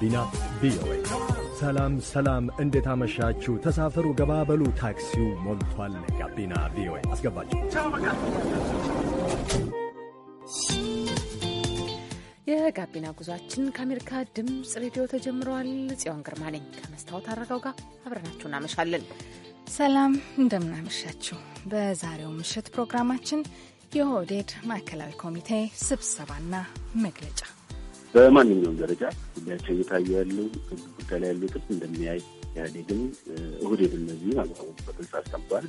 ጋቢና ቪኦኤ። ሰላም ሰላም፣ እንዴት አመሻችሁ? ተሳፈሩ፣ ገባበሉ፣ ታክሲው ሞልቷል። ጋቢና ቪኦኤ ሰላም ሰላም እንዴት አመሻችሁ ተሳፈሩ በሉ ታክሲው ሞልቷል ጋቢና ቪኦኤ አስገባችሁ የጋቢና ጉዟችን ከአሜሪካ ድምፅ ሬዲዮ ተጀምረዋል። ጽዮን ግርማ ነኝ ከመስታወት አረጋው ጋር አብረናችሁ እናመሻለን። ሰላም እንደምናመሻችሁ። በዛሬው ምሽት ፕሮግራማችን የኦህዴድ ማዕከላዊ ኮሚቴ ስብሰባና መግለጫ በማንኛውም ደረጃ ጉዳያቸው እየታዩ ያሉ ህግ ጉዳይ ላይ ያሉትን እንደሚያይ ኢህአዴግም እሁድ እነዚህ ማለት በግልጽ አስቀምጧል።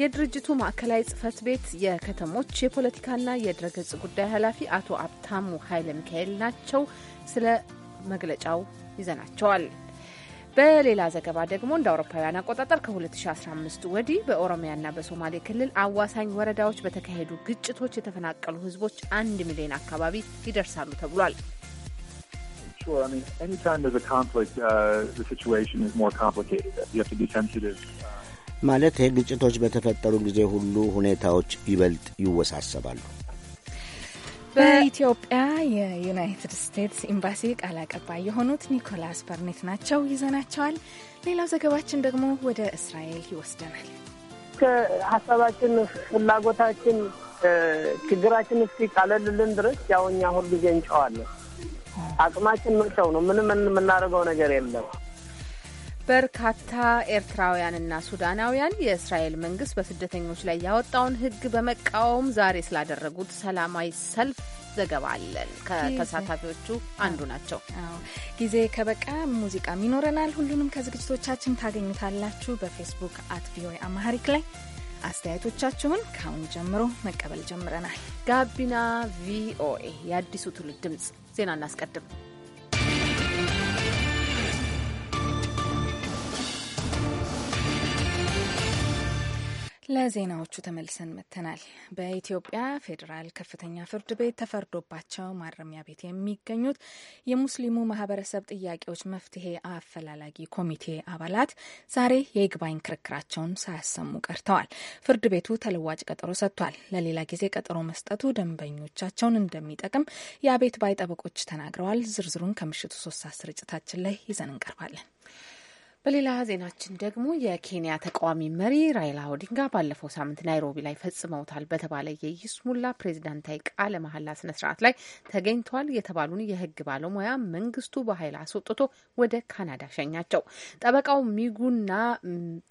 የድርጅቱ ማዕከላዊ ጽህፈት ቤት የከተሞች የፖለቲካና የድረገጽ ጉዳይ ኃላፊ አቶ አብታሙ ኃይለ ሚካኤል ናቸው። ስለ መግለጫው ይዘናቸዋል። በሌላ ዘገባ ደግሞ እንደ አውሮፓውያን አቆጣጠር ከ2015 ወዲህ በኦሮሚያና በሶማሌ ክልል አዋሳኝ ወረዳዎች በተካሄዱ ግጭቶች የተፈናቀሉ ህዝቦች አንድ ሚሊዮን አካባቢ ይደርሳሉ ተብሏል። uh, uh. ማለት ግጭቶች በተፈጠሩ ጊዜ ሁሉ ሁኔታዎች ይበልጥ ይወሳሰባሉ። በኢትዮጵያ የዩናይትድ ስቴትስ ኤምባሲ ቃል አቀባይ የሆኑት ኒኮላስ በርኔት ናቸው። ይዘናቸዋል። ሌላው ዘገባችን ደግሞ ወደ እስራኤል ይወስደናል። ከሀሳባችን ፍላጎታችን፣ ችግራችን እስኪ ቃለልልን ድረስ ያው እኛ ሁልጊዜ እንጨዋለን። አቅማችን መጨው ነው። ምንም የምናደርገው ነገር የለም። በርካታ ኤርትራውያንና ሱዳናውያን የእስራኤል መንግስት በስደተኞች ላይ ያወጣውን ሕግ በመቃወም ዛሬ ስላደረጉት ሰላማዊ ሰልፍ ዘገባ አለን። ከተሳታፊዎቹ አንዱ ናቸው። ጊዜ ከበቃ ሙዚቃም ይኖረናል። ሁሉንም ከዝግጅቶቻችን ታገኙታላችሁ። በፌስቡክ አት ቪኦኤ አማሪክ ላይ አስተያየቶቻችሁን ከአሁን ጀምሮ መቀበል ጀምረናል። ጋቢና ቪኦኤ የአዲሱ ትውልድ ድምፅ ዜና እናስቀድም። ለዜናዎቹ ተመልሰን መጥተናል። በኢትዮጵያ ፌዴራል ከፍተኛ ፍርድ ቤት ተፈርዶባቸው ማረሚያ ቤት የሚገኙት የሙስሊሙ ማህበረሰብ ጥያቄዎች መፍትሄ አፈላላጊ ኮሚቴ አባላት ዛሬ የይግባኝ ክርክራቸውን ሳያሰሙ ቀርተዋል። ፍርድ ቤቱ ተለዋጭ ቀጠሮ ሰጥቷል። ለሌላ ጊዜ ቀጠሮ መስጠቱ ደንበኞቻቸውን እንደሚጠቅም የአቤት ባይ ጠበቆች ተናግረዋል። ዝርዝሩን ከምሽቱ ሶስት ሰዓት ስርጭታችን ላይ ይዘን እንቀርባለን። በሌላ ዜናችን ደግሞ የኬንያ ተቃዋሚ መሪ ራይላ ኦዲንጋ ባለፈው ሳምንት ናይሮቢ ላይ ፈጽመውታል በተባለ የይስሙላ ፕሬዚዳንታዊ ቃለ መሐላ ስነ ስርዓት ላይ ተገኝቷል የተባሉን የህግ ባለሙያ መንግስቱ በኃይል አስወጥቶ ወደ ካናዳ ሸኛቸው። ጠበቃው ሚጉና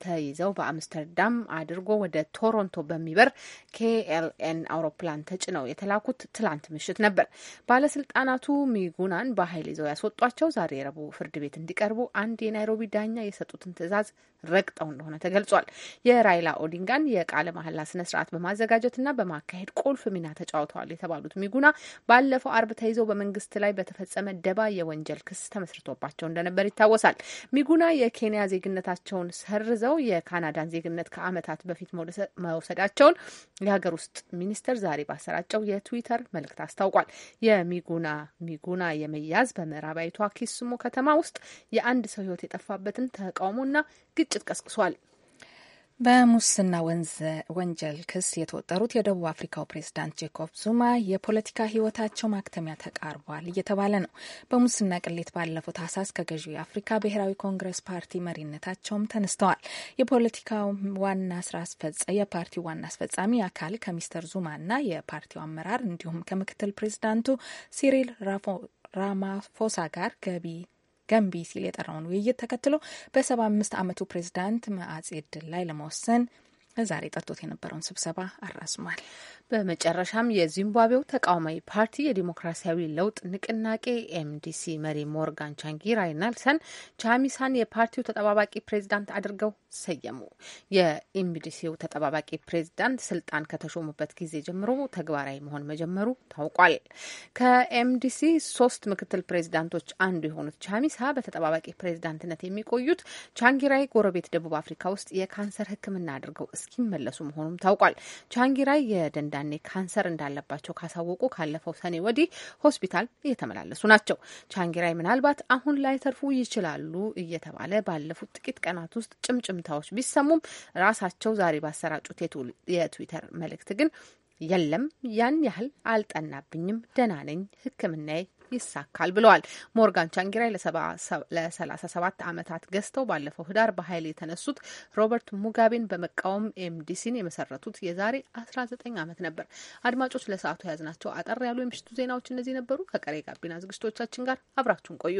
ተይዘው በአምስተርዳም አድርጎ ወደ ቶሮንቶ በሚበር ኬኤልኤን አውሮፕላን ተጭነው የተላኩት ትላንት ምሽት ነበር። ባለስልጣናቱ ሚጉናን በኃይል ይዘው ያስወጧቸው ዛሬ ረቡዕ ፍርድ ቤት እንዲቀርቡ አንድ የናይሮቢ ዳኛ የሰጡትን ትዕዛዝ ረግጠው እንደሆነ ተገልጿል። የራይላ ኦዲንጋን የቃለ መሐላ ስነ ስርዓት በማዘጋጀትና በማካሄድ ቁልፍ ሚና ተጫውተዋል የተባሉት ሚጉና ባለፈው አርብ ተይዘው በመንግስት ላይ በተፈጸመ ደባ የወንጀል ክስ ተመስርቶባቸው እንደነበር ይታወሳል። ሚጉና የኬንያ ዜግነታቸውን ሰርዘው የካናዳን ዜግነት ከዓመታት በፊት መውሰዳቸውን የሀገር ውስጥ ሚኒስትር ዛሬ ባሰራጨው የትዊተር መልእክት አስታውቋል። የሚጉና ሚጉና የመያዝ በምዕራባዊቷ ኪስሙ ከተማ ውስጥ የአንድ ሰው ህይወት የጠፋበትን ተቃውሞና ግጭ ግጭት ቀስቅሷል። በሙስና ወንጀል ክስ የተወጠሩት የደቡብ አፍሪካው ፕሬዝዳንት ጄኮብ ዙማ የፖለቲካ ሕይወታቸው ማክተሚያ ተቃርቧል እየተባለ ነው። በሙስና ቅሌት ባለፈው ታህሳስ ከገዢው የአፍሪካ ብሔራዊ ኮንግረስ ፓርቲ መሪነታቸውም ተነስተዋል። የፖለቲካ ዋና ስራ አስፈጻሚ የፓርቲው ዋና አስፈጻሚ አካል ከሚስተር ዙማና የፓርቲው አመራር እንዲሁም ከምክትል ፕሬዝዳንቱ ሲሪል ራማፎሳ ጋር ገቢ ገንቢ ሲል የጠራውን ውይይት ተከትሎ በሰባ አምስት አመቱ ፕሬዚዳንት መአጼ ድል ላይ ለመወሰን ዛሬ ጠርቶት የነበረውን ስብሰባ አራዝሟል። በመጨረሻም የዚምባብዌው ተቃዋማዊ ፓርቲ የዲሞክራሲያዊ ለውጥ ንቅናቄ ኤምዲሲ መሪ ሞርጋን ቻንጊራይ ኔልሰን ቻሚሳን የፓርቲው ተጠባባቂ ፕሬዚዳንት አድርገው ሰየሙ። የኤምዲሲው ተጠባባቂ ፕሬዚዳንት ስልጣን ከተሾሙበት ጊዜ ጀምሮ ተግባራዊ መሆን መጀመሩ ታውቋል። ከኤምዲሲ ሶስት ምክትል ፕሬዚዳንቶች አንዱ የሆኑት ቻሚሳ በተጠባባቂ ፕሬዚዳንትነት የሚቆዩት ቻንጊራይ ጎረቤት ደቡብ አፍሪካ ውስጥ የካንሰር ሕክምና አድርገው እስኪመለሱ መሆኑም ታውቋል። ቻንጊራይ የደንዳኔ ካንሰር እንዳለባቸው ካሳወቁ ካለፈው ሰኔ ወዲህ ሆስፒታል እየተመላለሱ ናቸው። ቻንጊራይ ምናልባት አሁን ላይ ተርፉ ይችላሉ እየተባለ ባለፉት ጥቂት ቀናት ውስጥ ጭምጭምታዎች ቢሰሙም ራሳቸው ዛሬ ባሰራጩት የትዊተር መልእክት ግን የለም ያን ያህል አልጠናብኝም፣ ደህና ነኝ፣ ሕክምናዬ ይሳካል ብለዋል። ሞርጋን ቻንጊራይ ለሰላሳ ሰባት ዓመታት ገዝተው ባለፈው ህዳር በኃይል የተነሱት ሮበርት ሙጋቤን በመቃወም ኤምዲሲን የመሰረቱት የዛሬ አስራ ዘጠኝ ዓመት ነበር። አድማጮች ለሰዓቱ የያዝናቸው አጠር ያሉ የምሽቱ ዜናዎች እነዚህ ነበሩ። ከቀሬ ጋቢና ዝግጅቶቻችን ጋር አብራችሁን ቆዩ።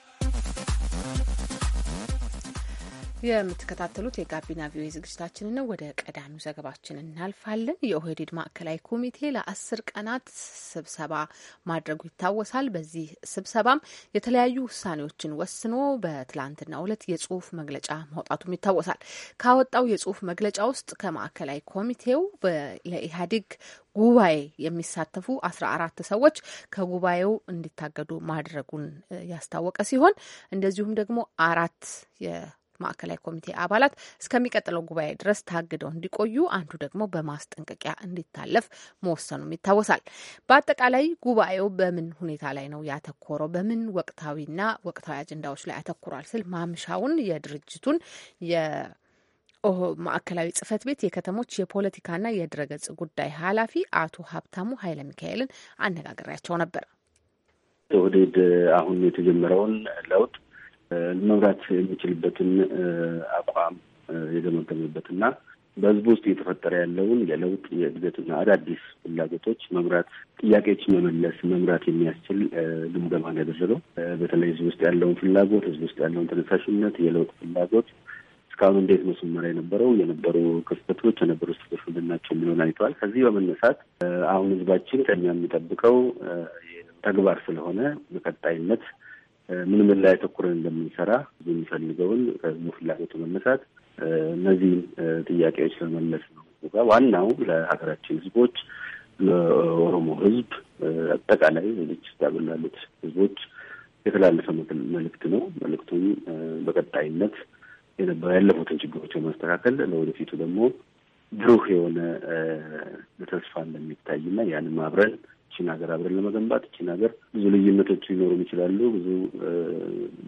የምትከታተሉት የጋቢና ቪኦኤ ዝግጅታችንን ነው። ወደ ቀዳሚው ዘገባችን እናልፋለን። የኦህዴድ ማዕከላዊ ኮሚቴ ለአስር ቀናት ስብሰባ ማድረጉ ይታወሳል። በዚህ ስብሰባም የተለያዩ ውሳኔዎችን ወስኖ በትላንትናው ዕለት የጽሁፍ መግለጫ ማውጣቱም ይታወሳል። ካወጣው የጽሁፍ መግለጫ ውስጥ ከማዕከላዊ ኮሚቴው ለኢህአዴግ ጉባኤ የሚሳተፉ አስራ አራት ሰዎች ከጉባኤው እንዲታገዱ ማድረጉን ያስታወቀ ሲሆን እንደዚሁም ደግሞ አራት ማዕከላዊ ኮሚቴ አባላት እስከሚቀጥለው ጉባኤ ድረስ ታግደው እንዲቆዩ፣ አንዱ ደግሞ በማስጠንቀቂያ እንዲታለፍ መወሰኑም ይታወሳል። በአጠቃላይ ጉባኤው በምን ሁኔታ ላይ ነው ያተኮረው፣ በምን ወቅታዊና ወቅታዊ አጀንዳዎች ላይ ያተኩሯል ስል ማምሻውን የድርጅቱን ማዕከላዊ ጽህፈት ቤት የከተሞች የፖለቲካና የድረገጽ ጉዳይ ኃላፊ አቶ ሀብታሙ ኃይለ ሚካኤልን አነጋግሬያቸው ነበር። ኦህዴድ አሁን የተጀመረውን ለውጥ መምራት የሚችልበትን አቋም የገመገመበትና በህዝቡ ውስጥ እየተፈጠረ ያለውን የለውጥ የእድገትና አዳዲስ ፍላጎቶች መምራት፣ ጥያቄዎች መመለስ፣ መምራት የሚያስችል ግምገማ ያደረገው። በተለይ ህዝብ ውስጥ ያለውን ፍላጎት፣ ህዝብ ውስጥ ያለውን ተነሳሽነት፣ የለውጥ ፍላጎት እስካሁን እንዴት ነው የነበረው የነበሩ ክፍተቶች የነበሩ ስቶች ምንድን የሚለውን አይተዋል። ከዚህ በመነሳት አሁን ህዝባችን ከኛ የሚጠብቀው ተግባር ስለሆነ በቀጣይነት ምን ምን ላይ ተኩረን እንደምንሰራ የሚፈልገውን ከህዝቡ ፍላጎት መነሳት እነዚህን ጥያቄዎች ለመመለስ ነው። ዋናው ለሀገራችን ህዝቦች፣ ለኦሮሞ ህዝብ አጠቃላይ ልጅ ያበላሉት ህዝቦች የተላለፈ መልእክት ነው። መልእክቱም በቀጣይነት ያለፉትን ችግሮች በማስተካከል ለወደፊቱ ደግሞ ብሩህ የሆነ ተስፋ እንደሚታይና ያንም አብረን እችን ሀገር አብረን ለመገንባት እችን ሀገር ብዙ ልዩነቶች ሊኖሩም ይችላሉ። ብዙ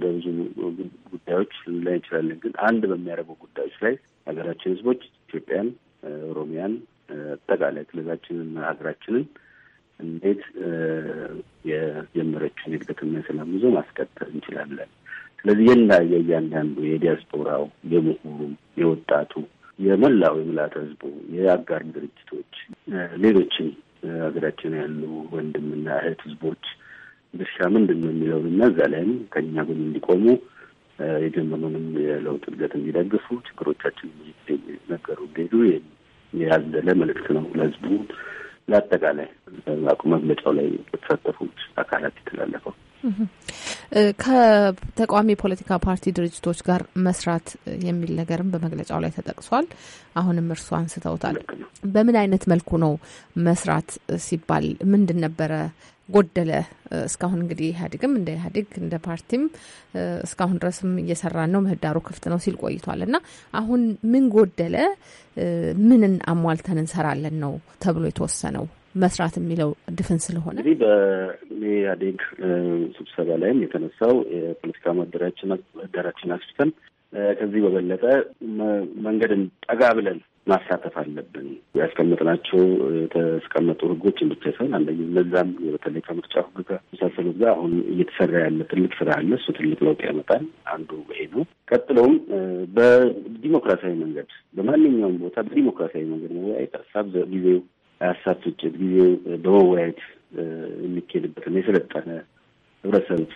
በብዙ ጉዳዮች ላይ እንችላለን። ግን አንድ በሚያደርጉ ጉዳዮች ላይ ሀገራችን ህዝቦች ኢትዮጵያን፣ ኦሮሚያን፣ አጠቃላይ ክልላችንን፣ ሀገራችንን እንዴት የጀመረችን የእድገትና የሰላም ጉዞ ማስቀጠል እንችላለን። ስለዚህ የና የእያንዳንዱ የዲያስፖራው፣ የምሁሩ፣ የወጣቱ፣ የመላው የምልዓተ ህዝቡ፣ የአጋር ድርጅቶች ሌሎችን ሀገራችን ያሉ ወንድምና እህት ህዝቦች ድርሻ ምንድን ነው የሚለውን እና እዛ ላይም ከኛ ጎን እንዲቆሙ የጀመሩንም የለውጥ እድገት እንዲደግፉ ችግሮቻችን ነገሩ እንዲሄዱ ያዘለ መልእክት ነው ለህዝቡ ለአጠቃላይ አቁ መግለጫው ላይ የተሳተፉት አካላት የተላለፈው። ከተቃዋሚ የፖለቲካ ፓርቲ ድርጅቶች ጋር መስራት የሚል ነገርም በመግለጫው ላይ ተጠቅሷል። አሁንም እርሱ አንስተውታል። በምን አይነት መልኩ ነው መስራት ሲባል ምንድን ነበረ ጎደለ? እስካሁን እንግዲህ ኢህአዴግም እንደ ኢህአዴግ እንደ ፓርቲም እስካሁን ድረስም እየሰራ ነው፣ ምህዳሩ ክፍት ነው ሲል ቆይቷል እና አሁን ምን ጎደለ? ምንን አሟልተን እንሰራለን ነው ተብሎ የተወሰነው? መስራት የሚለው ድፍን ስለሆነ እንግዲህ በኢህአዴግ ስብሰባ ላይም የተነሳው የፖለቲካ መደራችን አስፍተን ከዚህ በበለጠ መንገድን ጠጋ ብለን ማሳተፍ አለብን። ያስቀመጥናቸው የተስቀመጡ ህጎች ብቻ ሳይሆን አንደኛ እነዛም በተለይ ከምርጫ ህግ ጋር መሳሰሉት ጋር አሁን እየተሰራ ያለ ትልቅ ስራ አለ። እሱ ትልቅ ለውጥ ያመጣል። አንዱ ይሄ ነው። ቀጥሎም በዲሞክራሲያዊ መንገድ በማንኛውም ቦታ በዲሞክራሲያዊ መንገድ መወያየት ሀሳብ ጊዜው ሀሳብ ጊዜ በመወያየት የሚካሄድበትና የሰለጠነ ህብረተሰብ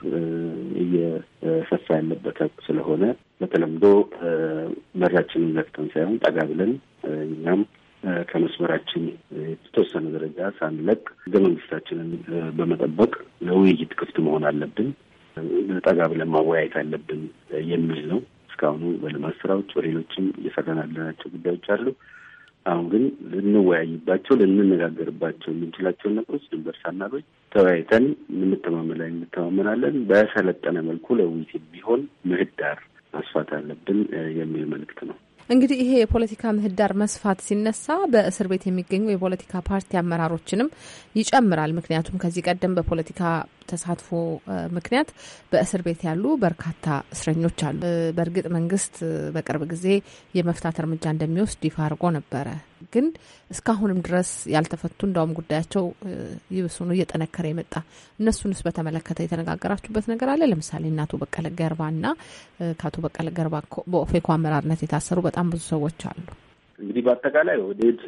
እየሰፋ ያለበት ስለሆነ በተለምዶ መሪያችንን ዘግተን ሳይሆን ጠጋ ብለን እኛም ከመስመራችን የተወሰነ ደረጃ ሳንለቅ ህገ መንግስታችንን በመጠበቅ ለውይይት ክፍት መሆን አለብን፣ ጠጋ ብለን ማወያየት አለብን የሚል ነው። እስካሁኑ በልማት ስራዎች በሌሎችም እየሰራን ያለናቸው ጉዳዮች አሉ። አሁን ግን ልንወያይባቸው ልንነጋገርባቸው የምንችላቸውን ነገሮች ድንበር ሳናዶች ተወያይተን እንተማመላ እንተማመናለን። በሰለጠነ መልኩ ለውይይት ቢሆን ምህዳር ማስፋት አለብን የሚል መልእክት ነው። እንግዲህ ይሄ የፖለቲካ ምህዳር መስፋት ሲነሳ በእስር ቤት የሚገኙ የፖለቲካ ፓርቲ አመራሮችንም ይጨምራል። ምክንያቱም ከዚህ ቀደም በፖለቲካ ተሳትፎ ምክንያት በእስር ቤት ያሉ በርካታ እስረኞች አሉ። በእርግጥ መንግስት በቅርብ ጊዜ የመፍታት እርምጃ እንደሚወስድ ይፋ አድርጎ ነበረ። ግን እስካሁንም ድረስ ያልተፈቱ እንደውም ጉዳያቸው ይብሱኑ እየጠነከረ የመጣ እነሱንስ በተመለከተ የተነጋገራችሁበት ነገር አለ? ለምሳሌ እነ አቶ በቀለ ገርባና ከአቶ በቀለ ገርባ በኦፌኮ አመራርነት የታሰሩ በጣም ብዙ ሰዎች አሉ። እንግዲህ በአጠቃላይ ወደድ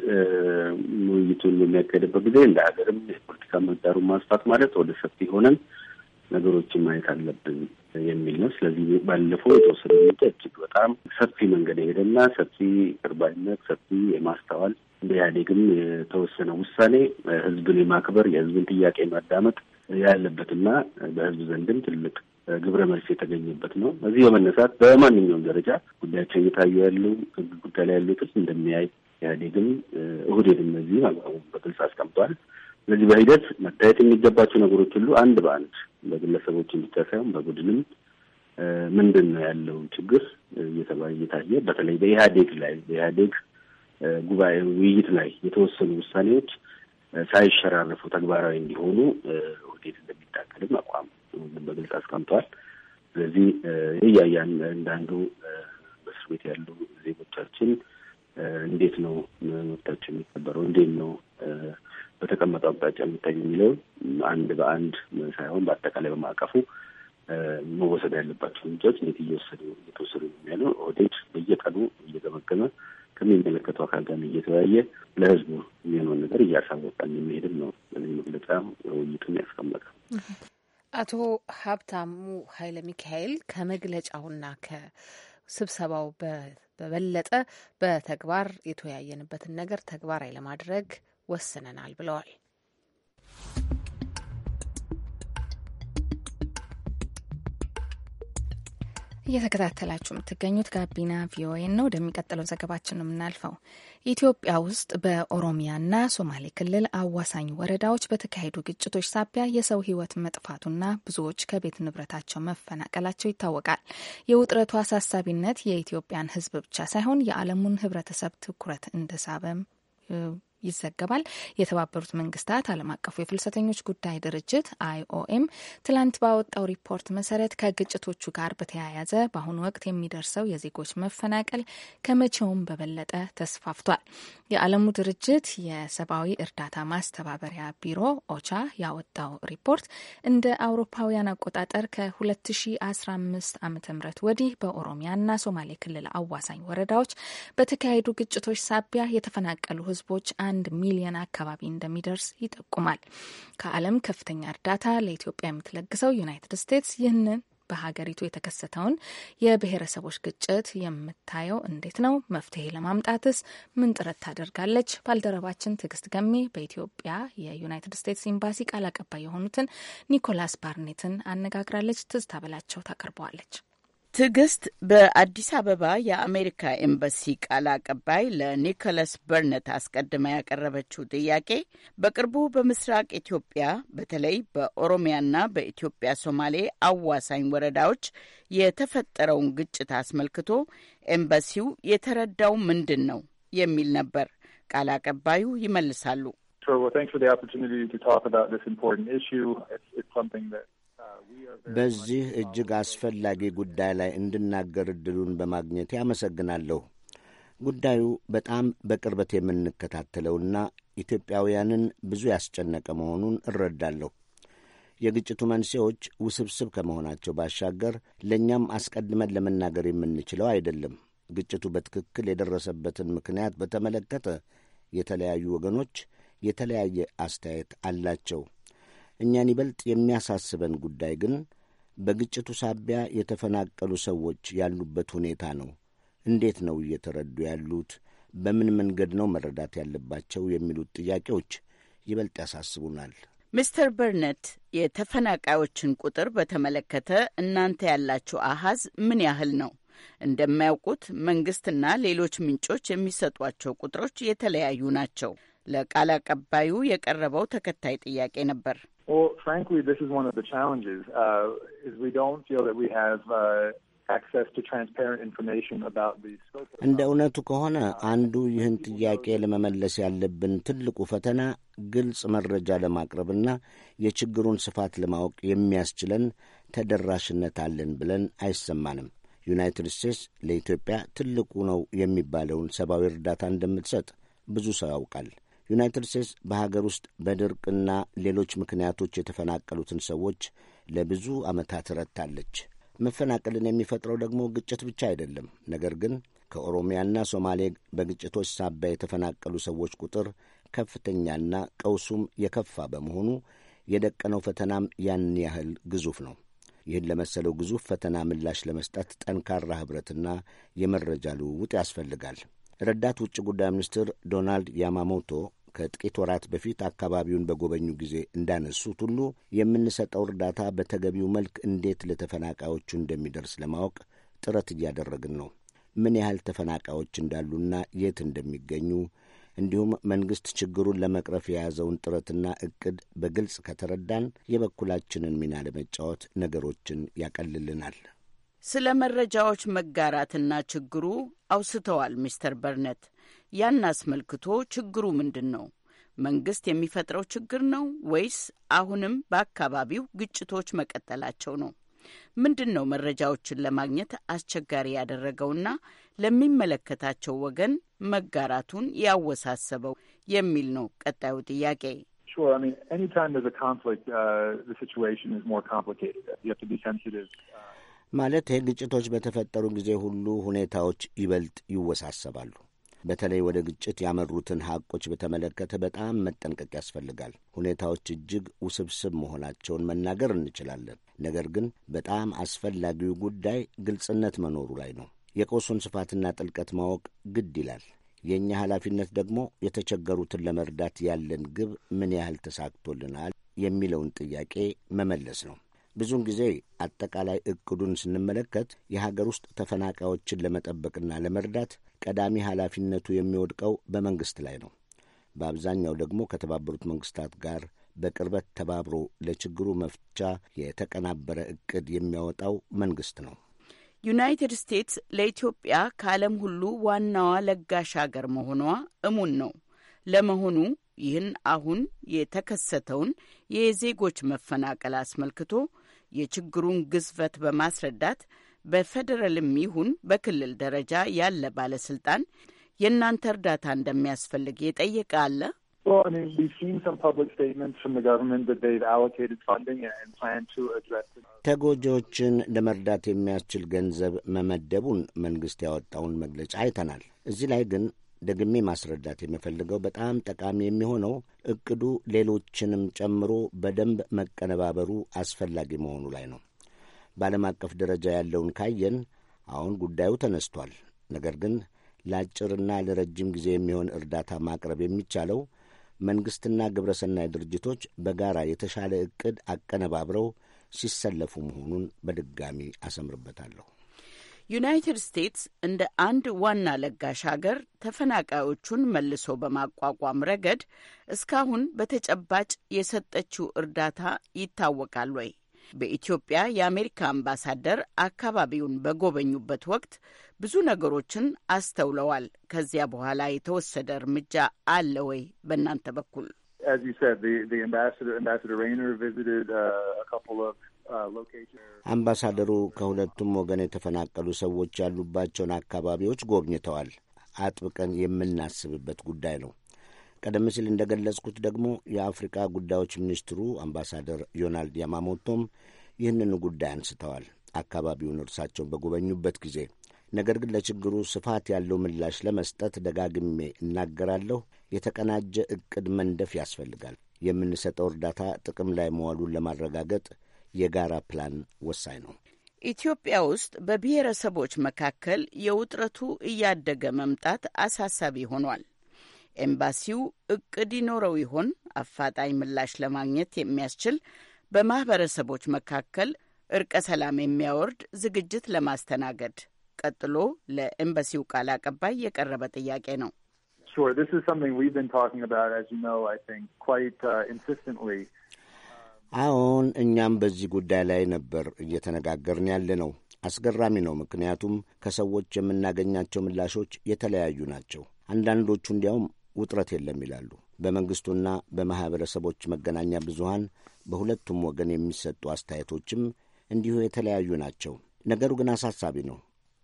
ውይይቱን የሚያካሄድበት ጊዜ እንደ ሀገርም የፖለቲካ ምህዳሩን ማስፋት ማለት ወደ ሰፊ ሆነን ነገሮችን ማየት አለብን የሚል ነው። ስለዚህ ባለፈው የተወሰደ እርምጃ እጅግ በጣም ሰፊ መንገድ የሄደና ሰፊ ቅርባይነት፣ ሰፊ የማስተዋል በኢህአዴግም የተወሰነ ውሳኔ ህዝብን የማክበር የህዝብን ጥያቄ ማዳመጥ ያለበትና በህዝብ ዘንድም ትልቅ ግብረ መልስ የተገኘበት ነው። እዚህ በመነሳት በማንኛውም ደረጃ ጉዳያቸው እየታዩ ያሉ ህግ ጉዳይ ላይ ያሉ ጥስ እንደሚያይ ኢህአዴግም እሁዴድም እነዚህ በግልጽ አስቀምጧል። ስለዚህ በሂደት መታየት የሚገባቸው ነገሮች ሁሉ አንድ በአንድ በግለሰቦች ብቻ ሳይሆን በቡድንም ምንድን ነው ያለው ችግር እየተባየ እየታየ በተለይ በኢህአዴግ ላይ በኢህአዴግ ጉባኤ ውይይት ላይ የተወሰኑ ውሳኔዎች ሳይሸራረፉ ተግባራዊ እንዲሆኑ ውዴት እንደሚታገልም አቋም ሁሉም በግልጽ አስቀምጠዋል። ስለዚህ እያያን እንዳንዱ በእስር ቤት ያሉ ዜጎቻችን እንዴት ነው መብታቸው የሚከበረው፣ እንዴት ነው በተቀመጠው አቅጣጫ የሚታይ የሚለው አንድ በአንድ ሳይሆን በአጠቃላይ በማዕቀፉ መወሰድ ያለባቸው እርምጃዎች እንዴት እየወሰዱ እየተወሰዱ የሚያለው ኦህዴድ በየቀኑ እየገመገመ ከሚመለከተው አካል ጋር እየተወያየ ለህዝቡ የሚሆነውን ነገር እያሳወቀን የሚሄድም ነው። በዚህ መግለጫ ውይይቱን ያስቀመጠ አቶ ሀብታሙ ኃይለ ሚካኤል ከመግለጫውና ከስብሰባው በበለጠ በተግባር የተወያየንበትን ነገር ተግባራዊ ለማድረግ ወስነናል ብለዋል። እየተከታተላችሁ የምትገኙት ጋቢና ቪኦኤ ነው። ወደሚቀጥለው ዘገባችን ነው የምናልፈው። ኢትዮጵያ ውስጥ በኦሮሚያና ሶማሌ ክልል አዋሳኝ ወረዳዎች በተካሄዱ ግጭቶች ሳቢያ የሰው ሕይወት መጥፋቱና ብዙዎች ከቤት ንብረታቸው መፈናቀላቸው ይታወቃል። የውጥረቱ አሳሳቢነት የኢትዮጵያን ሕዝብ ብቻ ሳይሆን የዓለሙን ሕብረተሰብ ትኩረት እንደሳበም ይዘገባል። የተባበሩት መንግስታት ዓለም አቀፉ የፍልሰተኞች ጉዳይ ድርጅት አይኦኤም ትላንት ባወጣው ሪፖርት መሰረት ከግጭቶቹ ጋር በተያያዘ በአሁኑ ወቅት የሚደርሰው የዜጎች መፈናቀል ከመቼውም በበለጠ ተስፋፍቷል። የዓለሙ ድርጅት የሰብአዊ እርዳታ ማስተባበሪያ ቢሮ ኦቻ ያወጣው ሪፖርት እንደ አውሮፓውያን አቆጣጠር ከ2015 ዓ ም ወዲህ በኦሮሚያና ሶማሌ ክልል አዋሳኝ ወረዳዎች በተካሄዱ ግጭቶች ሳቢያ የተፈናቀሉ ህዝቦች አንድ ሚሊዮን አካባቢ እንደሚደርስ ይጠቁማል። ከዓለም ከፍተኛ እርዳታ ለኢትዮጵያ የምትለግሰው ዩናይትድ ስቴትስ ይህንን በሀገሪቱ የተከሰተውን የብሔረሰቦች ግጭት የምታየው እንዴት ነው? መፍትሄ ለማምጣትስ ምን ጥረት ታደርጋለች? ባልደረባችን ትዕግስት ገሜ በኢትዮጵያ የዩናይትድ ስቴትስ ኤምባሲ ቃል አቀባይ የሆኑትን ኒኮላስ ባርኔትን አነጋግራለች። ትዝታ በላቸው ታቀርበዋለች። ትዕግስት በአዲስ አበባ የአሜሪካ ኤምባሲ ቃል አቀባይ ለኒኮላስ በርነት አስቀድማ ያቀረበችው ጥያቄ በቅርቡ በምስራቅ ኢትዮጵያ በተለይ በኦሮሚያና በኢትዮጵያ ሶማሌ አዋሳኝ ወረዳዎች የተፈጠረውን ግጭት አስመልክቶ ኤምባሲው የተረዳው ምንድን ነው የሚል ነበር። ቃል አቀባዩ ይመልሳሉ። በዚህ እጅግ አስፈላጊ ጉዳይ ላይ እንድናገር ዕድሉን በማግኘት ያመሰግናለሁ። ጉዳዩ በጣም በቅርበት የምንከታተለውና ኢትዮጵያውያንን ብዙ ያስጨነቀ መሆኑን እረዳለሁ። የግጭቱ መንስኤዎች ውስብስብ ከመሆናቸው ባሻገር ለእኛም አስቀድመን ለመናገር የምንችለው አይደለም። ግጭቱ በትክክል የደረሰበትን ምክንያት በተመለከተ የተለያዩ ወገኖች የተለያየ አስተያየት አላቸው። እኛን ይበልጥ የሚያሳስበን ጉዳይ ግን በግጭቱ ሳቢያ የተፈናቀሉ ሰዎች ያሉበት ሁኔታ ነው። እንዴት ነው እየተረዱ ያሉት? በምን መንገድ ነው መረዳት ያለባቸው? የሚሉት ጥያቄዎች ይበልጥ ያሳስቡናል። ሚስተር በርነት የተፈናቃዮችን ቁጥር በተመለከተ እናንተ ያላችሁ አሃዝ ምን ያህል ነው? እንደሚያውቁት መንግስትና ሌሎች ምንጮች የሚሰጧቸው ቁጥሮች የተለያዩ ናቸው። ለቃል አቀባዩ የቀረበው ተከታይ ጥያቄ ነበር። Well, frankly, this is one of the challenges, uh, is we don't feel that we have uh, access to transparent information about the scope of... እንደ እውነቱ ከሆነ uh, አንዱ ይህን ጥያቄ ለመመለስ ያለብን ትልቁ ፈተና ግልጽ መረጃ ለማቅረብና የችግሩን ስፋት ለማወቅ የሚያስችለን ተደራሽነት አለን ብለን አይሰማንም። ዩናይትድ ስቴትስ ለኢትዮጵያ ትልቁ ነው የሚባለውን ሰብአዊ እርዳታ እንደምትሰጥ ብዙ ሰው ያውቃል። ዩናይትድ ስቴትስ በሀገር ውስጥ በድርቅና ሌሎች ምክንያቶች የተፈናቀሉትን ሰዎች ለብዙ ዓመታት ረድታለች። መፈናቀልን የሚፈጥረው ደግሞ ግጭት ብቻ አይደለም። ነገር ግን ከኦሮሚያና ሶማሌ በግጭቶች ሳቢያ የተፈናቀሉ ሰዎች ቁጥር ከፍተኛና ቀውሱም የከፋ በመሆኑ የደቀነው ፈተናም ያን ያህል ግዙፍ ነው። ይህን ለመሰለው ግዙፍ ፈተና ምላሽ ለመስጠት ጠንካራ ኅብረትና የመረጃ ልውውጥ ያስፈልጋል። ረዳት ውጭ ጉዳይ ሚኒስትር ዶናልድ ያማሞቶ ከጥቂት ወራት በፊት አካባቢውን በጎበኙ ጊዜ እንዳነሱት ሁሉ የምንሰጠው እርዳታ በተገቢው መልክ እንዴት ለተፈናቃዮቹ እንደሚደርስ ለማወቅ ጥረት እያደረግን ነው። ምን ያህል ተፈናቃዮች እንዳሉና የት እንደሚገኙ እንዲሁም መንግሥት ችግሩን ለመቅረፍ የያዘውን ጥረትና እቅድ በግልጽ ከተረዳን የበኩላችንን ሚና ለመጫወት ነገሮችን ያቀልልናል። ስለ መረጃዎች መጋራትና ችግሩ አውስተዋል ሚስተር በርነት። ያን አስመልክቶ ችግሩ ምንድን ነው? መንግስት የሚፈጥረው ችግር ነው ወይስ አሁንም በአካባቢው ግጭቶች መቀጠላቸው ነው? ምንድን ነው መረጃዎችን ለማግኘት አስቸጋሪ ያደረገውና ለሚመለከታቸው ወገን መጋራቱን ያወሳሰበው የሚል ነው ቀጣዩ ጥያቄ። uh, uh, ማለት ይህ ግጭቶች በተፈጠሩ ጊዜ ሁሉ ሁኔታዎች ይበልጥ ይወሳሰባሉ። በተለይ ወደ ግጭት ያመሩትን ሀቆች በተመለከተ በጣም መጠንቀቅ ያስፈልጋል። ሁኔታዎች እጅግ ውስብስብ መሆናቸውን መናገር እንችላለን። ነገር ግን በጣም አስፈላጊው ጉዳይ ግልጽነት መኖሩ ላይ ነው። የቆሱን ስፋትና ጥልቀት ማወቅ ግድ ይላል። የእኛ ኃላፊነት ደግሞ የተቸገሩትን ለመርዳት ያለን ግብ ምን ያህል ተሳክቶልናል የሚለውን ጥያቄ መመለስ ነው። ብዙውን ጊዜ አጠቃላይ እቅዱን ስንመለከት የሀገር ውስጥ ተፈናቃዮችን ለመጠበቅና ለመርዳት ቀዳሚ ኃላፊነቱ የሚወድቀው በመንግሥት ላይ ነው። በአብዛኛው ደግሞ ከተባበሩት መንግሥታት ጋር በቅርበት ተባብሮ ለችግሩ መፍቻ የተቀናበረ እቅድ የሚያወጣው መንግሥት ነው። ዩናይትድ ስቴትስ ለኢትዮጵያ ከዓለም ሁሉ ዋናዋ ለጋሽ ሀገር መሆኗ እሙን ነው። ለመሆኑ ይህን አሁን የተከሰተውን የዜጎች መፈናቀል አስመልክቶ የችግሩን ግዝፈት በማስረዳት በፌዴራልም ይሁን በክልል ደረጃ ያለ ባለስልጣን የእናንተ እርዳታ እንደሚያስፈልግ የጠየቀ አለ? ተጎጂዎችን ለመርዳት የሚያስችል ገንዘብ መመደቡን መንግስት ያወጣውን መግለጫ አይተናል። እዚህ ላይ ግን ደግሜ ማስረዳት የምፈልገው በጣም ጠቃሚ የሚሆነው እቅዱ ሌሎችንም ጨምሮ በደንብ መቀነባበሩ አስፈላጊ መሆኑ ላይ ነው። በዓለም አቀፍ ደረጃ ያለውን ካየን አሁን ጉዳዩ ተነስቷል። ነገር ግን ለአጭርና ለረጅም ጊዜ የሚሆን እርዳታ ማቅረብ የሚቻለው መንግሥትና ግብረሰናይ ድርጅቶች በጋራ የተሻለ እቅድ አቀነባብረው ሲሰለፉ መሆኑን በድጋሚ አሰምርበታለሁ። ዩናይትድ ስቴትስ እንደ አንድ ዋና ለጋሽ ሀገር ተፈናቃዮቹን መልሶ በማቋቋም ረገድ እስካሁን በተጨባጭ የሰጠችው እርዳታ ይታወቃል ወይ? በኢትዮጵያ የአሜሪካ አምባሳደር አካባቢውን በጎበኙበት ወቅት ብዙ ነገሮችን አስተውለዋል። ከዚያ በኋላ የተወሰደ እርምጃ አለ ወይ በእናንተ በኩል? አምባሳደሩ ከሁለቱም ወገን የተፈናቀሉ ሰዎች ያሉባቸውን አካባቢዎች ጎብኝተዋል። አጥብቀን የምናስብበት ጉዳይ ነው። ቀደም ሲል እንደ ገለጽኩት ደግሞ የአፍሪካ ጉዳዮች ሚኒስትሩ አምባሳደር ዮናልድ ያማሞቶም ይህንኑ ጉዳይ አንስተዋል አካባቢውን እርሳቸውን በጎበኙበት ጊዜ። ነገር ግን ለችግሩ ስፋት ያለው ምላሽ ለመስጠት ደጋግሜ እናገራለሁ። የተቀናጀ እቅድ መንደፍ ያስፈልጋል። የምንሰጠው እርዳታ ጥቅም ላይ መዋሉን ለማረጋገጥ የጋራ ፕላን ወሳኝ ነው። ኢትዮጵያ ውስጥ በብሔረሰቦች መካከል የውጥረቱ እያደገ መምጣት አሳሳቢ ሆኗል። ኤምባሲው እቅድ ይኖረው ይሆን? አፋጣኝ ምላሽ ለማግኘት የሚያስችል በማህበረሰቦች መካከል እርቀ ሰላም የሚያወርድ ዝግጅት ለማስተናገድ ቀጥሎ ለኤምባሲው ቃል አቀባይ የቀረበ ጥያቄ ነው። አዎን፣ እኛም በዚህ ጉዳይ ላይ ነበር እየተነጋገርን ያለ ነው። አስገራሚ ነው። ምክንያቱም ከሰዎች የምናገኛቸው ምላሾች የተለያዩ ናቸው። አንዳንዶቹ እንዲያውም ውጥረት የለም ይላሉ። በመንግሥቱና በማኅበረሰቦች መገናኛ ብዙሃን በሁለቱም ወገን የሚሰጡ አስተያየቶችም እንዲሁ የተለያዩ ናቸው። ነገሩ ግን አሳሳቢ ነው።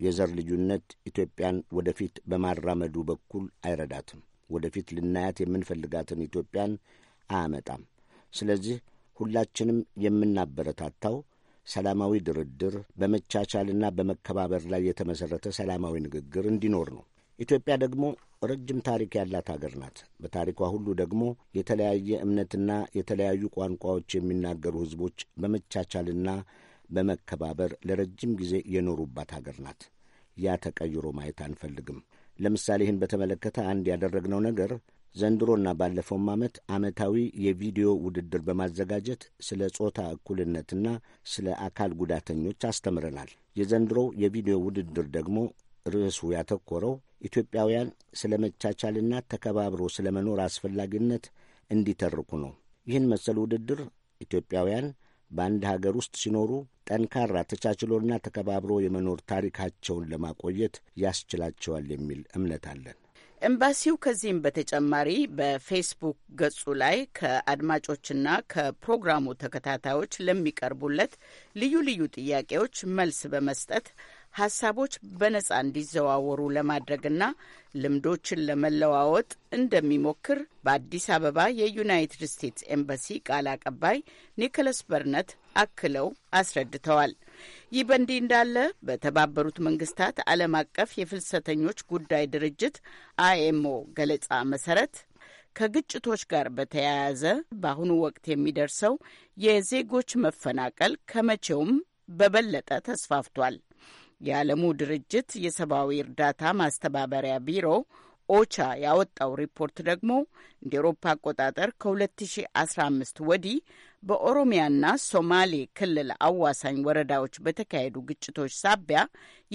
የዘር ልዩነት ኢትዮጵያን ወደፊት በማራመዱ በኩል አይረዳትም። ወደፊት ልናያት የምንፈልጋትን ኢትዮጵያን አያመጣም። ስለዚህ ሁላችንም የምናበረታታው ሰላማዊ ድርድር፣ በመቻቻልና በመከባበር ላይ የተመሠረተ ሰላማዊ ንግግር እንዲኖር ነው። ኢትዮጵያ ደግሞ ረጅም ታሪክ ያላት አገር ናት። በታሪኳ ሁሉ ደግሞ የተለያየ እምነትና የተለያዩ ቋንቋዎች የሚናገሩ ሕዝቦች በመቻቻልና በመከባበር ለረጅም ጊዜ የኖሩባት አገር ናት። ያ ተቀይሮ ማየት አንፈልግም። ለምሳሌ ይህን በተመለከተ አንድ ያደረግነው ነገር ዘንድሮና ባለፈውም ዓመት ዓመታዊ የቪዲዮ ውድድር በማዘጋጀት ስለ ጾታ እኩልነትና ስለ አካል ጉዳተኞች አስተምረናል። የዘንድሮው የቪዲዮ ውድድር ደግሞ ርዕሱ ያተኮረው ኢትዮጵያውያን ስለ መቻቻልና ተከባብሮ ስለ መኖር አስፈላጊነት እንዲተርኩ ነው። ይህን መሰል ውድድር ኢትዮጵያውያን በአንድ ሀገር ውስጥ ሲኖሩ ጠንካራ ተቻችሎና ተከባብሮ የመኖር ታሪካቸውን ለማቆየት ያስችላቸዋል የሚል እምነት አለን። ኤምባሲው ከዚህም በተጨማሪ በፌስቡክ ገጹ ላይ ከአድማጮችና ከፕሮግራሙ ተከታታዮች ለሚቀርቡለት ልዩ ልዩ ጥያቄዎች መልስ በመስጠት ሀሳቦች በነጻ እንዲዘዋወሩ ለማድረግና ልምዶችን ለመለዋወጥ እንደሚሞክር በአዲስ አበባ የዩናይትድ ስቴትስ ኤምባሲ ቃል አቀባይ ኒኮለስ በርነት አክለው አስረድተዋል። ይህ በእንዲህ እንዳለ በተባበሩት መንግስታት ዓለም አቀፍ የፍልሰተኞች ጉዳይ ድርጅት አይኤምኦ ገለጻ መሰረት ከግጭቶች ጋር በተያያዘ በአሁኑ ወቅት የሚደርሰው የዜጎች መፈናቀል ከመቼውም በበለጠ ተስፋፍቷል። የዓለሙ ድርጅት የሰብአዊ እርዳታ ማስተባበሪያ ቢሮ ኦቻ ያወጣው ሪፖርት ደግሞ እንደ ኤሮፓ አቆጣጠር ከ2015 ወዲህ በኦሮሚያና ሶማሌ ክልል አዋሳኝ ወረዳዎች በተካሄዱ ግጭቶች ሳቢያ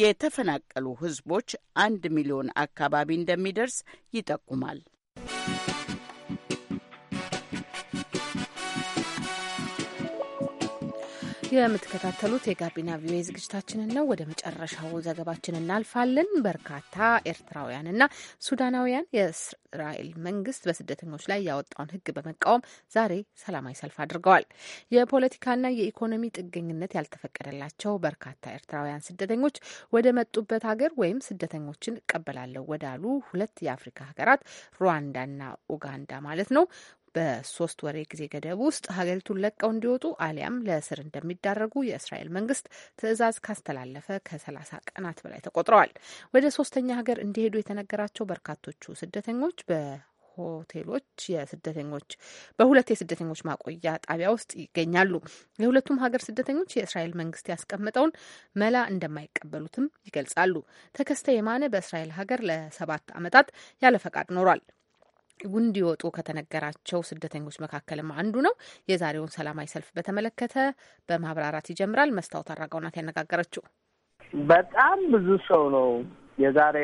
የተፈናቀሉ ህዝቦች አንድ ሚሊዮን አካባቢ እንደሚደርስ ይጠቁማል። የምትከታተሉት የጋቢና ቪኦኤ ዝግጅታችንን ነው። ወደ መጨረሻው ዘገባችን እናልፋለን። በርካታ ኤርትራውያንና ሱዳናውያን የእስራኤል መንግስት በስደተኞች ላይ ያወጣውን ሕግ በመቃወም ዛሬ ሰላማዊ ሰልፍ አድርገዋል። የፖለቲካና የኢኮኖሚ ጥገኝነት ያልተፈቀደላቸው በርካታ ኤርትራውያን ስደተኞች ወደ መጡበት ሀገር ወይም ስደተኞችን እቀበላለሁ ወዳሉ ሁለት የአፍሪካ ሀገራት ሩዋንዳና ኡጋንዳ ማለት ነው በሶስት ወር ጊዜ ገደብ ውስጥ ሀገሪቱን ለቀው እንዲወጡ አሊያም ለእስር እንደሚዳረጉ የእስራኤል መንግስት ትዕዛዝ ካስተላለፈ ከሰላሳ ቀናት በላይ ተቆጥረዋል። ወደ ሶስተኛ ሀገር እንዲሄዱ የተነገራቸው በርካቶቹ ስደተኞች በሆቴሎች የስደተኞች በሁለት የስደተኞች ማቆያ ጣቢያ ውስጥ ይገኛሉ። የሁለቱም ሀገር ስደተኞች የእስራኤል መንግስት ያስቀመጠውን መላ እንደማይቀበሉትም ይገልጻሉ። ተከስተ የማነ በእስራኤል ሀገር ለሰባት ዓመታት ያለ ፈቃድ ኖሯል። እንዲወጡ ከተነገራቸው ስደተኞች መካከልም አንዱ ነው። የዛሬውን ሰላማዊ ሰልፍ በተመለከተ በማብራራት ይጀምራል። መስታወት አራጋው ናት ያነጋገረችው። በጣም ብዙ ሰው ነው። የዛሬ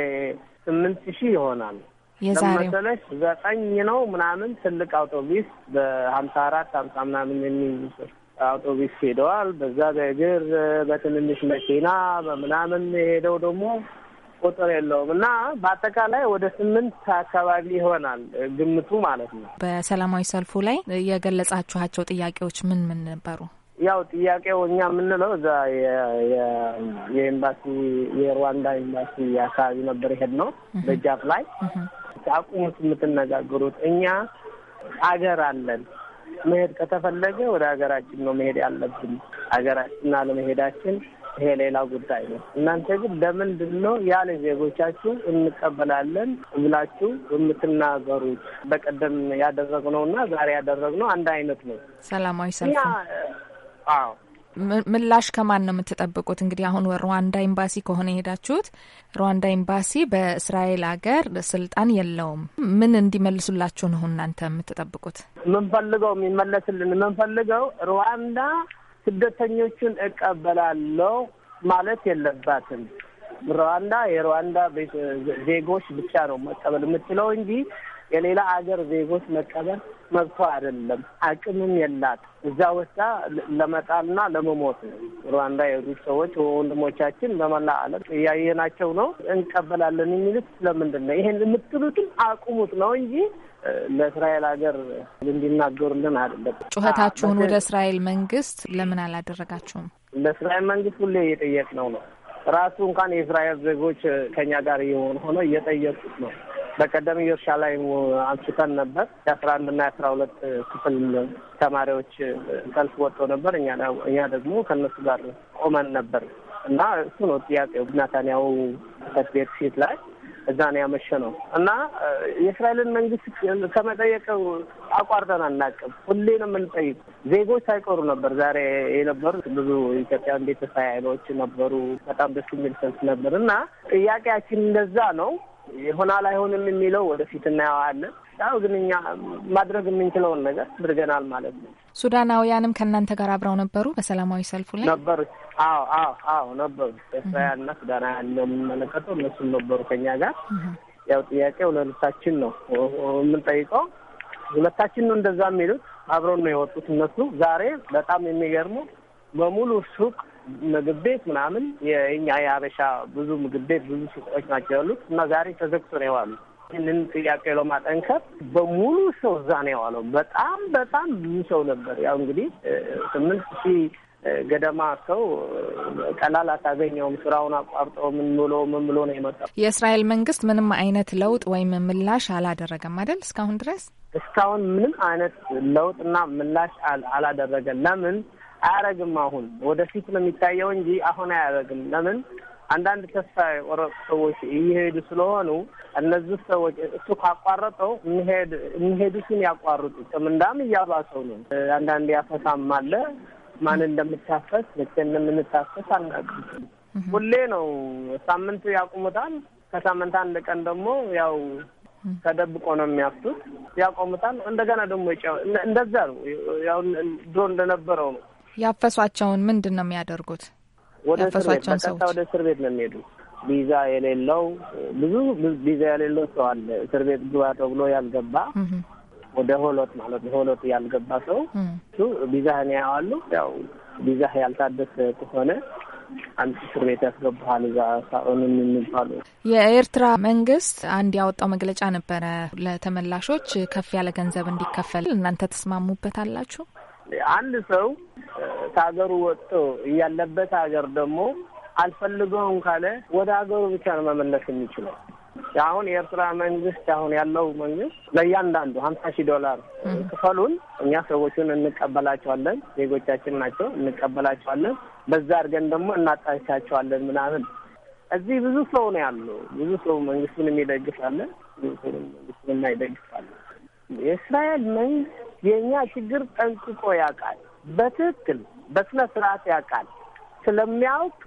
ስምንት ሺህ ይሆናል ለመሰለሽ ዘጠኝ ነው ምናምን ትልቅ አውቶቢስ በሀምሳ አራት ሀምሳ ምናምን የሚይዙ አውቶቢስ ሄደዋል። በዛ በእግር በትንንሽ መኪና በምናምን ሄደው ደግሞ ቁጥር የለውም እና በአጠቃላይ ወደ ስምንት አካባቢ ይሆናል ግምቱ ማለት ነው። በሰላማዊ ሰልፉ ላይ የገለጻችኋቸው ጥያቄዎች ምን ምን ነበሩ? ያው ጥያቄው እኛ የምንለው እዛ የኤምባሲ የሩዋንዳ ኤምባሲ አካባቢ ነበር ነው። በጃፍ ላይ አቁሙት የምትነጋገሩት እኛ አገር አለን መሄድ ከተፈለገ ወደ ሀገራችን ነው መሄድ ያለብን። ሀገራችን አለመሄዳችን ይሄ ሌላ ጉዳይ ነው። እናንተ ግን ለምንድን ነው ያለ ዜጎቻችሁ እንቀበላለን ብላችሁ የምትናገሩት? በቀደም እና ዛሬ ያደረግነው አንድ አይነት ነው። ሰላማዊ ሰልፍ። አዎ ምላሽ ከማን ነው የምትጠብቁት? እንግዲህ አሁን ሩዋንዳ ኤምባሲ ከሆነ የሄዳችሁት፣ ሩዋንዳ ኤምባሲ በእስራኤል ሀገር ስልጣን የለውም። ምን እንዲመልሱላችሁ ነው እናንተ የምትጠብቁት? ምንፈልገው የሚመለስልን ምንፈልገው ሩዋንዳ ስደተኞቹን እቀበላለሁ ማለት የለባትም። ሩዋንዳ የሩዋንዳ ዜጎች ብቻ ነው መቀበል የምትለው እንጂ የሌላ አገር ዜጎች መቀበል መብቶ አይደለም። አቅምም የላት እዛ ወስዳ ለመጣልና ለመሞት ነው። ሩዋንዳ የሄዱት ሰዎች ወንድሞቻችን በመላ ዓለም እያየናቸው ነው። እንቀበላለን የሚሉት ስለምንድን ነው? ይሄን የምትሉትም አቁሙት ነው እንጂ ለእስራኤል ሀገር እንዲናገሩልን አይደለም። ጩኸታችሁን ወደ እስራኤል መንግስት ለምን አላደረጋችሁም? ለእስራኤል መንግስት ሁሌ እየጠየቅ ነው። ራሱ እንኳን የእስራኤል ዜጎች ከኛ ጋር የሆን ሆነው እየጠየቁት ነው። በቀደም የእርሻ ላይ አንስተን ነበር። የአስራ አንድ እና የአስራ ሁለት ክፍል ተማሪዎች ሰልፍ ወጥቶ ነበር። እኛ ደግሞ ከእነሱ ጋር ቆመን ነበር እና እሱ ነው ጥያቄው። ናታንያው ቤት ፊት ላይ እዛ ነው ያመሸ ነው እና የእስራኤልን መንግስት ከመጠየቅ አቋርጠን አናቅም። ሁሌ ነው የምንጠይቅ። ዜጎች ሳይቀሩ ነበር ዛሬ የነበሩት። ብዙ ኢትዮጵያን ቤተሰብ ኃይሎች ነበሩ። በጣም ደስ የሚል ሰልፍ ነበር እና ጥያቄያችን እንደዛ ነው። ይሆናል አይሆንም የሚለው ወደፊት እናየዋለን። ያው ግን እኛ ማድረግ የምንችለውን ነገር አድርገናል ማለት ነው። ሱዳናውያንም ከእናንተ ጋር አብረው ነበሩ በሰላማዊ ሰልፉ ላይ ነበሩ? አዎ አዎ አዎ ነበሩ። ኤርትራውያንና ሱዳናውያን ነው የምንመለከተው። እነሱም ነበሩ ከኛ ጋር። ያው ጥያቄው ለሁለታችን ነው የምንጠይቀው። ሁለታችን ነው እንደዛ የሚሉት። አብረው ነው የወጡት እነሱ። ዛሬ በጣም የሚገርመው በሙሉ ሱቅ ምግብ ቤት ምናምን የኛ የሀበሻ ብዙ ምግብ ቤት ብዙ ሱቆች ናቸው ያሉት እና ዛሬ ተዘግቶ ነው የዋሉት። ይህንን ጥያቄ ለማጠንከር በሙሉ ሰው እዛ ነው የዋለው። በጣም በጣም ብዙ ሰው ነበር። ያው እንግዲህ ስምንት ሺህ ገደማ ሰው ቀላል አታገኘውም። ስራውን አቋርጦ ምን ብሎ ምን ብሎ ነው የመጣው። የእስራኤል መንግስት ምንም አይነት ለውጥ ወይም ምላሽ አላደረገም አይደል? እስካሁን ድረስ እስካሁን ምንም አይነት ለውጥና ምላሽ አላደረገም። ለምን አያደረግም? አሁን ወደፊት ነው የሚታየው እንጂ አሁን አያደረግም። ለምን አንዳንድ ተስፋ የቆረጡ ሰዎች እየሄዱ ስለሆኑ እነዚህ ሰዎች እሱ ካቋረጠው የሚሄዱትን ያቋርጡ ምንዳም እያባሰው ነው። አንዳንድ ያፈሳም አለ። ማን እንደምታፈስ መቼ እንደምንታፈስ አናውቅም። ሁሌ ነው ሳምንት ያቁሙታል። ከሳምንት አንድ ቀን ደግሞ ያው ተደብቆ ነው የሚያፍቱት። ያቆሙታል። እንደገና ደግሞ እንደዛ ነው። ያው ድሮ እንደነበረው ነው። ያፈሷቸውን ምንድን ነው የሚያደርጉት? ወደ እስር ቤት ወደ እስር ቤት ነው የሚሄዱ። ቪዛ የሌለው ብዙ ቪዛ የሌለው ሰው አለ። እስር ቤት ግባ ተብሎ ያልገባ ወደ ሆሎት ማለት ነው። ሆሎት ያልገባ ሰው እሱ ቪዛህን ያዋሉ። ያው ቪዛህ ያልታደሰ ከሆነ አንድ እስር ቤት ያስገባሃል። እዛ ሳኦን የሚባሉ የኤርትራ መንግስት አንድ ያወጣው መግለጫ ነበረ ለተመላሾች ከፍ ያለ ገንዘብ እንዲከፈል። እናንተ ተስማሙበት አላችሁ? አንድ ሰው ከሀገሩ ወጥቶ እያለበት ሀገር ደግሞ አልፈልገውም ካለ ወደ ሀገሩ ብቻ ነው መመለስ የሚችለው። አሁን የኤርትራ መንግስት አሁን ያለው መንግስት ለእያንዳንዱ ሀምሳ ሺህ ዶላር ክፈሉን፣ እኛ ሰዎቹን እንቀበላቸዋለን፣ ዜጎቻችን ናቸው፣ እንቀበላቸዋለን፣ በዛ አድርገን ደግሞ እናጣቻቸዋለን ምናምን። እዚህ ብዙ ሰው ነው ያለው። ብዙ ሰው መንግስቱን የሚደግፋለን፣ ብዙ ሰው መንግስቱን የማይደግፋለን። የእስራኤል መንግስት የእኛ ችግር ጠንቅቆ ያውቃል። በትክክል በስነ ስርዓት ያውቃል። ስለሚያውቅ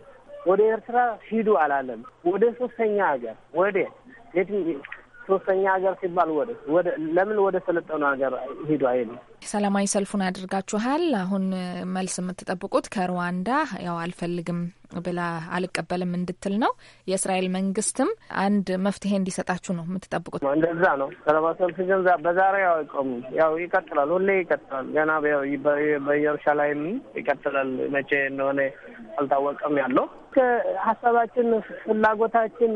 ወደ ኤርትራ ሂዱ አላለም። ወደ ሶስተኛ ሀገር ወደ ሶስተኛ ሀገር ሲባል ወደ ወደ ለምን ወደ ሰለጠኑ ሀገር ሂዱ አይሉ። ሰላማዊ ሰልፉን አድርጋችኋል። አሁን መልስ የምትጠብቁት ከሩዋንዳ ያው አልፈልግም ብላ አልቀበልም እንድትል ነው። የእስራኤል መንግስትም አንድ መፍትሄ እንዲሰጣችሁ ነው የምትጠብቁት። እንደዛ ነው። ሰላማዊ ሰልፍ ግን በዛሬ ያው አይቆም፣ ያው ይቀጥላል፣ ሁሌ ይቀጥላል። ገና በኢየሩሳሌም ይቀጥላል። መቼ እንደሆነ አልታወቀም ያለው ሀሳባችን ፍላጎታችን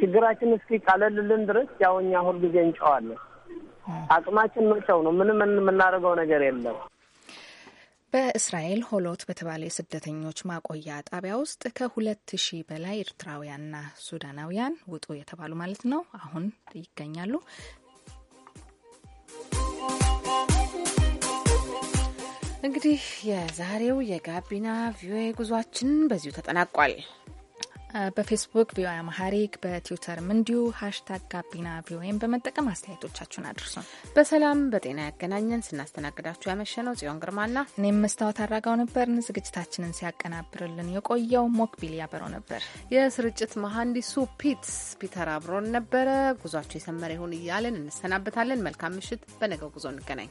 ችግራችን እስኪ ቀለልልን ድረስ ያው እኛ ሁልጊዜ እንጨዋለን። አቅማችን መጨው ነው። ምንም የምናደርገው ነገር የለም። በእስራኤል ሆሎት በተባለ የስደተኞች ማቆያ ጣቢያ ውስጥ ከሁለት ሺህ በላይ ኤርትራውያንና ሱዳናውያን ውጡ የተባሉ ማለት ነው አሁን ይገኛሉ። እንግዲህ የዛሬው የጋቢና ቪኦኤ ጉዟችን በዚሁ ተጠናቋል። በፌስቡክ ቪኦኤ አማሐሪክ በትዊተርም እንዲሁ ሀሽታግ ጋቢና ቪኦኤም በመጠቀም አስተያየቶቻችሁን አድርሱን። በሰላም በጤና ያገናኘን። ስናስተናግዳችሁ ያመሸነው ጽዮን ግርማና እኔም መስታወት አራጋው ነበርን። ዝግጅታችንን ሲያቀናብርልን የቆየው ሞክቢል ያበረው ነበር። የስርጭት መሐንዲሱ ፒትስ ፒተር አብሮን ነበረ። ጉዟቸው የሰመረ ይሁን እያለን እንሰናበታለን። መልካም ምሽት። በነገው ጉዞ እንገናኝ።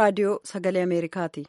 raadiyoo sagale Ameerikaati.